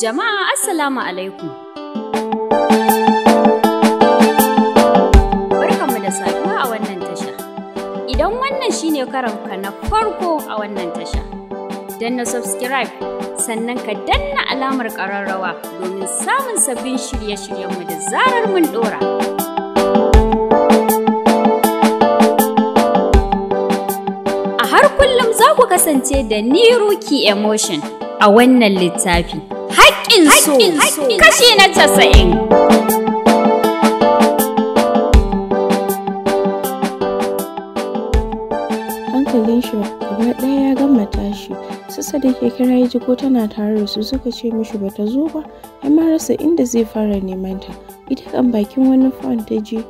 Jama'a Assalamu alaikum. Barkanmu da saduwa a wannan tasha. Idan wannan shine karanka na farko a wannan tasha, na subscribe sannan ka danna alamar ƙararrawa domin samun sabbin shirye-shiryenmu da zarar mun ɗora. A har kullum za ku kasance da ni Ruki Emotion a wannan littafi. so kashi na casa'in. Hankalin shi gaba ɗaya ya gama tashi, sassa da ke kira ya tana tare da su suka ce mishi bata zo ba, ya ma rasa inda zai fara neman ta, ita kan bakin wani fon ta je.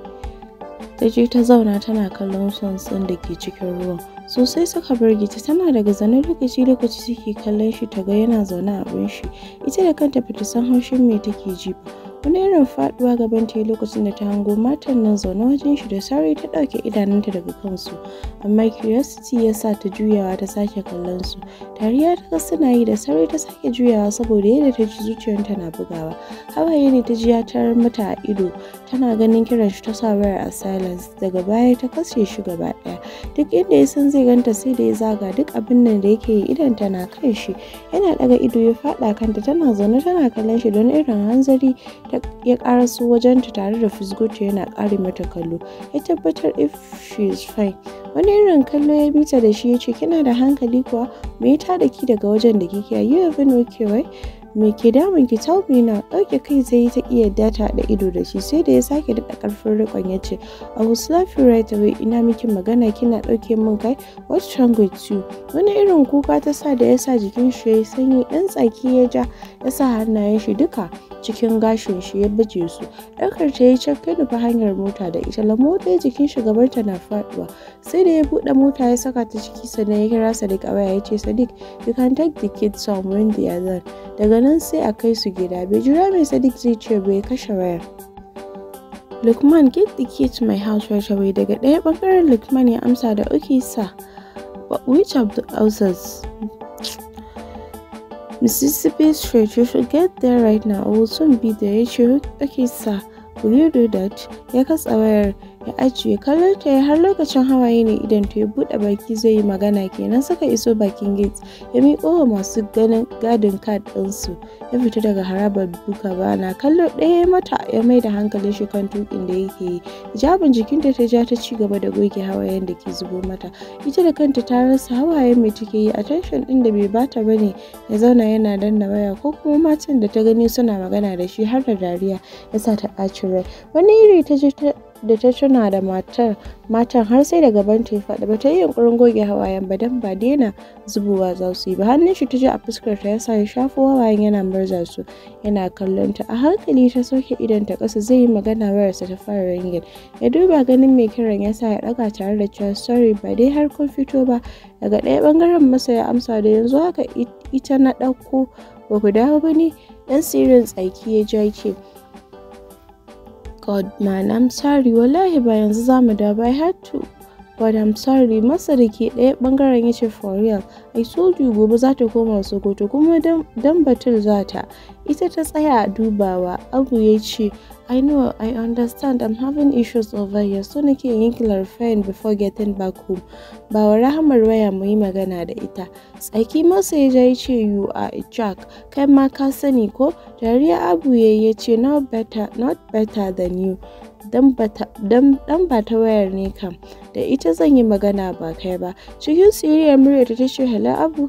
ta je ta zauna tana kallon tsuntsun da ke cikin ruwan sosai suka birgita tana daga zane lokaci lokaci suke kallon shi ta ga yana zaune a abin shi ita da kanta bata san haushin me take ji Wani irin faduwa gaban ta yi lokacin da ta hango matan nan zaune wajen shi da sauri ta dauke idanunta daga kansu, amma curiosity ya sa ta juyawa ta sake kallon su. tariya ta suna yi da sauri ta sake juyawa saboda yadda ta ji zuciyarta na bugawa. Hawaye ne ta ji ya mata a ido, tana ganin kiran shi ta sa wayar a silence, daga baya ta kashe shi gaba ɗaya. Duk inda ya san zai ganta sai da ya zaga duk abin nan da yake yi idan tana kan shi. Yana daga ido ya fada kanta tana zaune tana kallon shi don irin hanzari ya karaso wajenta tare da fusgoto yana ƙare mata kallo ya tabbatar if she is fine wani irin kallo ya bita da shi ya ce kina da hankali kuwa me ya tada ki daga wajen da kike you even okay right me ke damun ki tell me na ɗauke kai zai yi ta iya data da ido da shi sai da ya sake daɗa ƙarfin riƙon ya ce i will slap you right away ina miki magana kina ɗauke min kai what's wrong with you wani irin kuka ta sa da ya sa jikin shi ya yi sanyi ɗan tsaki ya ja ya sa hannayen shi duka cikin gashin shi ya baje su ɗaukar ta yi can kai nufi hanyar mota da ita la mota jikin gabar ta na faɗuwa sai da ya buɗe mota ya saka ta ciki sannan ya kira sadiq a waya ya ce sadiq you can take the kids home when they are daga nan sai a kai su gida bai jira mai sadiq zai ce bai kashe wayar lukman get the key to my house right away daga ɗaya ɓangaren lukman ya amsa da okay sa which of the houses mississippi street you should get there right now i will soon be there ya ce okay sa will you do that ya katsa wayar ta ajiye kallon ta har lokacin hawaye ne idan ta ya buɗe baki zai yi magana kenan suka iso bakin gate ya miƙo wa masu ganin gadin card su ya fita daga harabar duka bana kallo ɗaya mata ya mai da hankalin shi kan tukin da yake yi hijabin jikinta ta ja ta ci gaba da goge hawayen da ke zubo mata ita da kanta ta rasa hawayen mai take yi attention ɗin da bai bata bane ya zauna yana danna waya ko kuma matan da ta gani suna magana da shi har da dariya ya sa ta ɓacin rai wani iri ta je ta da ta tuna da matar matan har sai da gabanta ya faɗi ba ta yi yunkurin goge hawayen ba don ba daina zubowa za su yi ba hannun shi ta ji a fuskar ta yasa ya shafo hawayen yana murza su yana kallon ta a hankali ta soke idan ta ƙasa zai yi magana wayarsa ta fara ringin ya duba ganin mai kiran yasa ya ɗaga tare da cewa sorry ba dai har kun fito ba daga ɗaya bangaren masa ya amsa da yanzu haka ita na ɗauko ba ku dawo ba ne ɗan sirrin tsaki ya jake. god man I'm sorry wallahi ba yanzu mu da ba I had to But I'm sorry, Masariki ɗaya eh, ɓangaren ya ce for real, I told you gobe za ta koma Sokoto kuma dan batul za ta. Ita ta tsaya a dubawa, Abu ya ce, I know, I understand, I'm having issues over here, so nake yin clarifying before getting back home. Ba wa rahamar waya mu yi magana da ita. Tsaki masa ya ja ya ce, you are a jack, kai ma ka sani ko? Dariya Abu ya ce, not better, not better than you. dan ba ta wayar ne kam da ita zan yi magana ba kai ba cikin siriyar murya ta ce hala abu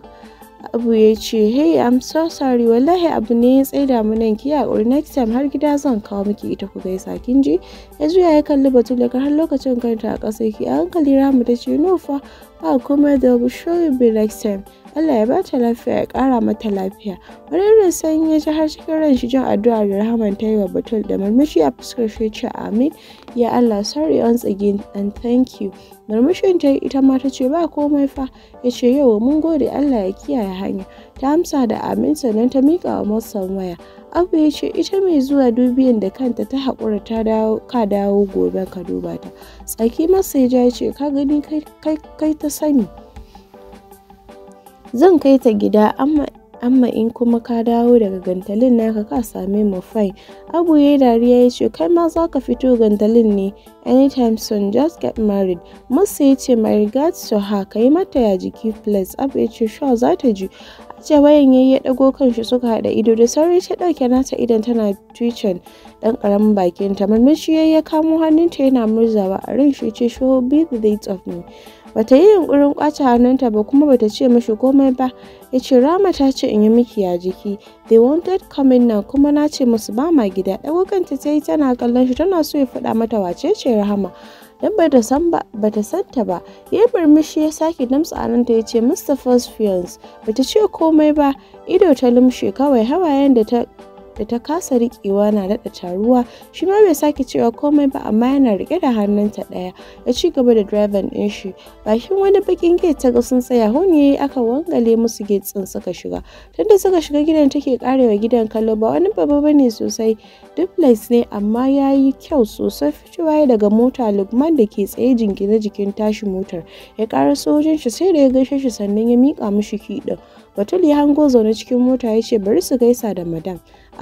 abu ya ce hey i'm so sorry wallahi abu ne ya tsaida mu nan ki hakuri next time har gida zan kawo miki ita ku gaisa kin ji ya zuya ya kalli batun batula har lokacin kanta a ƙasa ki a hankali ramu ta ce no fa ba komai da Bushori Bilexen. Allah ya bata lafiya ya kara mata lafiya. Wani irin sanyi ya ji har cikin ran shi jin addu'a da rahaman ta yi wa Batul da murmushi a fuskar shi ce amin ya Allah sorry once again and thank you. Murmushin ta ita ma ta ce ba komai fa ya ce yau mun gode Allah ya kiyaye hanya. Ta amsa da amin sannan ta miƙa wa masan waya. abu ya ce ita mai zuwa dubiyan da kanta ta haƙura ta dawo ka dawo gobe ka duba ta. Tsaki masa ya ja ce ka gani kai ta sani. Zan kai ta gida amma in kuma ka dawo daga gantalin naka ka same mu fai. Abu ya dariya ya ce kai ma za ka fito gantalin ne anytime soon just get married. Musa ya ce my regards to her kai mata ya jiki plus Abu ya ce sure za ta ji. ce wayan yayi ya kan kanshi suka haɗa ido da sauri ta ɗauke nata idan tana twitchin ɗan ƙaramin bakin ta murmushi yayi ya kamo hannunta yana murzawa a ran shi ce show be the date of me bata yi yunkurin kwace hannunta ba kuma bata ce mashi komai ba ya ce rama ta ce in yi miki ya jiki they wanted coming now kuma na ce musu ba ma gida ɗago kanta ta tana kallon shi tana so ya faɗa mata wace ce rahama don bata san ba ba ta san ta ba ya yi burmishi ya sake damtsa ta ya ce mustapha's fiance bata ce komai ba ido ta lumshe kawai hawayen da ta da ta kasa riƙewa na daɗa taruwa shi ma bai sake cewa komai ba amma yana riƙe da hannunta ɗaya ya ci gaba da direban ɗin shi bakin wani bakin gate ta ga sun tsaya huni aka wangale musu gate ɗin suka shiga tunda suka shiga gidan take karewa gidan kallo ba wani babba bane sosai duplex ne amma yayi kyau sosai fitowa ya daga mota lugman da ke tsaye jingine jikin tashi motar ya ƙara sojin shi sai da ya gaishe shi sannan ya mika mishi ki batul ya hango zaune cikin mota ya ce bari su gaisa da madam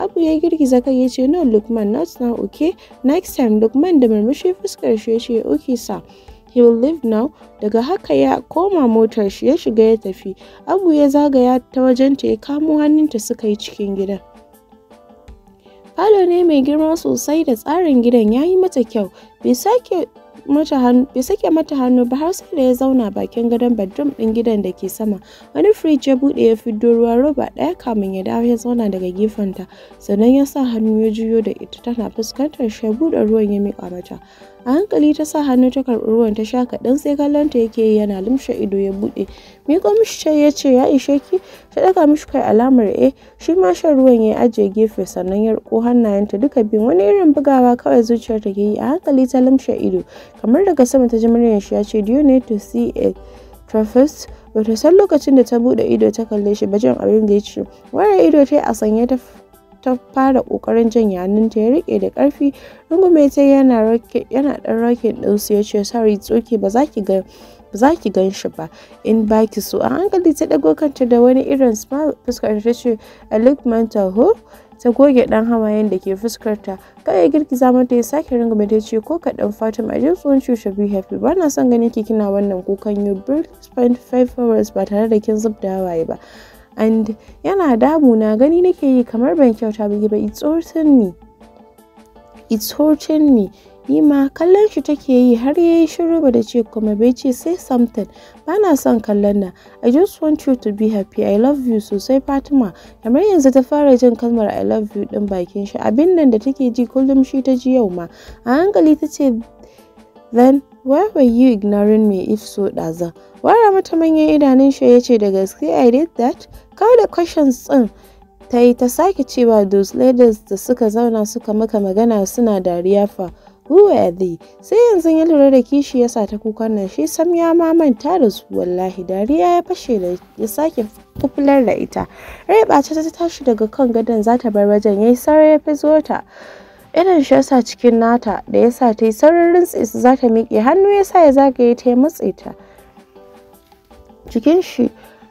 Abu ya girgiza kai ya ce no Lukman not now okay next time Lukman da murmushi fuskar shi ya ce okay sir he will leave now daga haka ya koma motar shi ya shiga ya tafi abu ya zagaya ta wajen ta ya kamo hannunta suka yi cikin gidan falo ne mai girma sosai da tsarin gidan ya yi mata kyau bai sake mata hannu bai sake mata hannu ba har sai da ya zauna bakin gadon bedroom din gidan da ke sama wani fridge ya bude ya fiddo ruwa roba daya kamin ya dawo ya zauna daga gefenta sannan ya sa hannu ya juyo da ita tana fuskantar shi ya ruwan ya mika mata a hankali ta sa hannu ta karɓi ruwan ta sha kaɗan sai kallon ta yake yi yana lumshe ido ya buɗe miƙo mishi ce ya ce ya ishe ki ta ɗaga mishi kai alamar e shi ma shan ruwan ya ajiye gefe sannan ya riko hannayenta duka biyun wani irin bugawa kawai zuciyar ta ke yi a hankali ta lumshe ido kamar daga sama ta ji muryar shi ya ce do you need to see a therapist bata san lokacin da ta buɗe ido ta kalle shi ba jin abin da ya ce ido ta yi a sanye ta ta fara kokarin jin ta ya rike da karfi rungume ta yana ɗan rakin ɗinsu ya ce sorry tsoke ba za ki ga ba za ki gan ba in ba ki so a hankali ta dago kanta da wani irin smile fuskar ta ce a look mental ho ta goge dan hawayen da ke fuskarta kawai girgiza ta ya sake rungume ta ce ko kaɗan fatima i just want you be happy ba na son ganin ki kina wannan kukan you spend 5 hours ba tare da kin da ba and yana damuna gani nake yi kamar ban kyauta ba ba it's hurting me it's hurting me nima kallon shi take yi har yayi shiru ba da ce kuma bai ce say something ba na son kallon na i just want you to be happy i love you sosai fatima kamar yanzu ta fara jin kalmar i love you din bakin shi abin nan da take ji kullum shi ta ji yau ma a hankali ta ce then Why were you ignoring me if so ɗaza? Wara mata manyan idanun shi ya ce da gaske I did that? Kawai da questions ɗin ta yi ta sake cewa those ladies da suka zauna suka maka magana suna dariya fa. Who were they? Sai yanzu ya lura da kishi ya sa ta kukan nan shi sam ya ma manta da su wallahi dariya ya fashe da ya sake kufular da ita. Rai ta tashi daga kan gadon za ta bar wajen yi ya fi zo ta. irin shi yasa cikin nata da yasa ta yi saurin tsitsi za ta miƙe hannu yasa ya zagaye ta ya matse ta cikin shi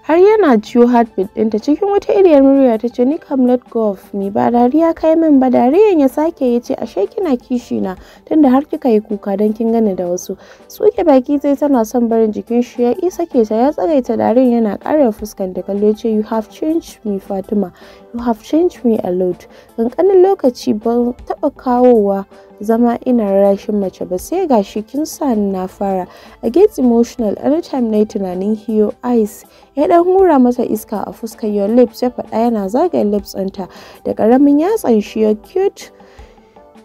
har yana ciwo heartbeat ɗinta cikin wata iriyar murya ta ce ni kam golf mai ba dariya kai min ba dariyan ya sake ya ce ashe kina kishi na tunda har kika yi kuka don kin gane da wasu tsuke baki zai tana son barin jikin shi ya isa ke ta ya tsagaita dariyan yana ƙara fuskan da kallo ya ce you have changed me Fatima you have changed me a lot ƙanƙanin lokaci ban taɓa kawowa zama ina rashin mace ba sai ga shi kin sani na fara a get emotional anytime na yi tunanin hiyo eyes ya dan hura masa iska a fuskar your lips ya faɗa yana zagaye lips ɗinta da ƙaramin yatsan shi your cute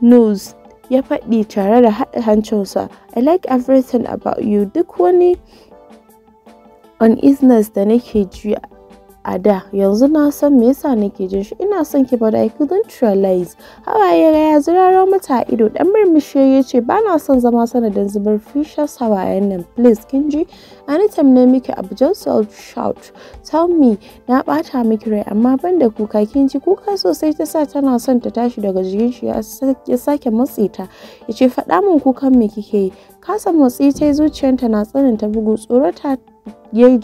nose ya faɗi tare da haɗa hancinsa i like everything about you duk wani on uneasiness da nake ji a da yanzu na san me yasa nake jin shi ina son ki but I couldn't realize hawaye ya ziraro mata a ido dan murmushi ya ce ba na son zama sanadin zubar fishes hawayen nan please kin ji anytime miki abu so shout tell me na bata miki rai amma ban da kuka kin ji kuka sosai ta sa tana son ta tashi daga jikin shi ya sake matsi ta ya ce faɗa min kukan me kike yi kasa motsi ta zuciyarta na ta bugu tsorata ya yi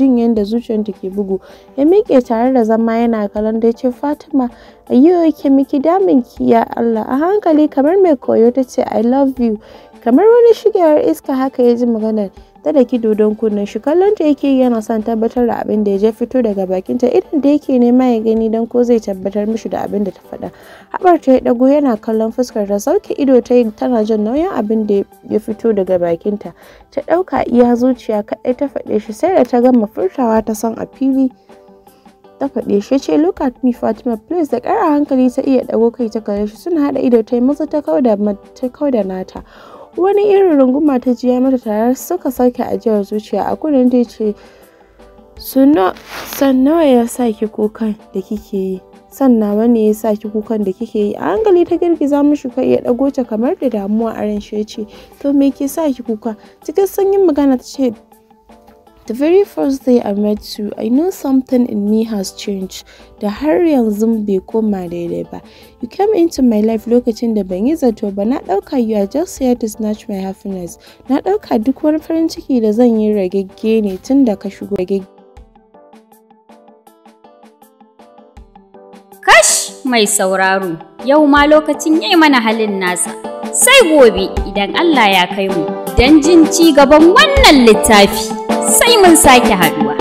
jin yadda zuciyarta ke bugu ya miƙe tare da zama yana kalan da ya ce fatima ayyo yake miki damin ki ya allah a hankali kamar mai koyo ta ce i love you kamar wani shigewar iska haka ya ji maganar ta da kido don kunnen shi kallon ta yake yana son tabbatar da abin da ya fito daga bakinta idan da yake nema ya gani don ko zai tabbatar mishi da abin da ta faɗa haɓar ta ya dago yana kallon fuskar ta sauke ido ta tana jin nauyin abin da ya fito daga bakinta ta dauka iya zuciya kadai ta faɗe shi sai da ta gama furtawa ta san a fili ta faɗe shi ce look at me Fatima please da kara hankali ta iya ɗago kai ta kare shi suna haɗa ido ta yi masa ta kauda nata wani irin runguma ta jiya mata tare suka sauke ajiyar zuciya a kudin da ce san nawa ya sa kukan da kike yi sannan wani ya sa kukan da kike yi a hankali ta girgiza mishi kai ya dago ta kamar da damuwa a ran shi ce to me ke sa kuka cikin sanyin magana ta ce The very first day I met you, I knew something in me has changed da har yanzu bai koma daidai ba. You came into my life lokacin da ban yi zato ba na ɗauka you are just here to snatch my happiness. Na ɗauka duk wani farin ciki da zan yi ragegge ne tun da ka shigo ragegge. Kash mai sauraro, yau ma lokacin yi mana halin nasa. Sai gobe idan Allah ya kai mu, don jin ci gaban wannan littafi. sai mun sake haɗuwa.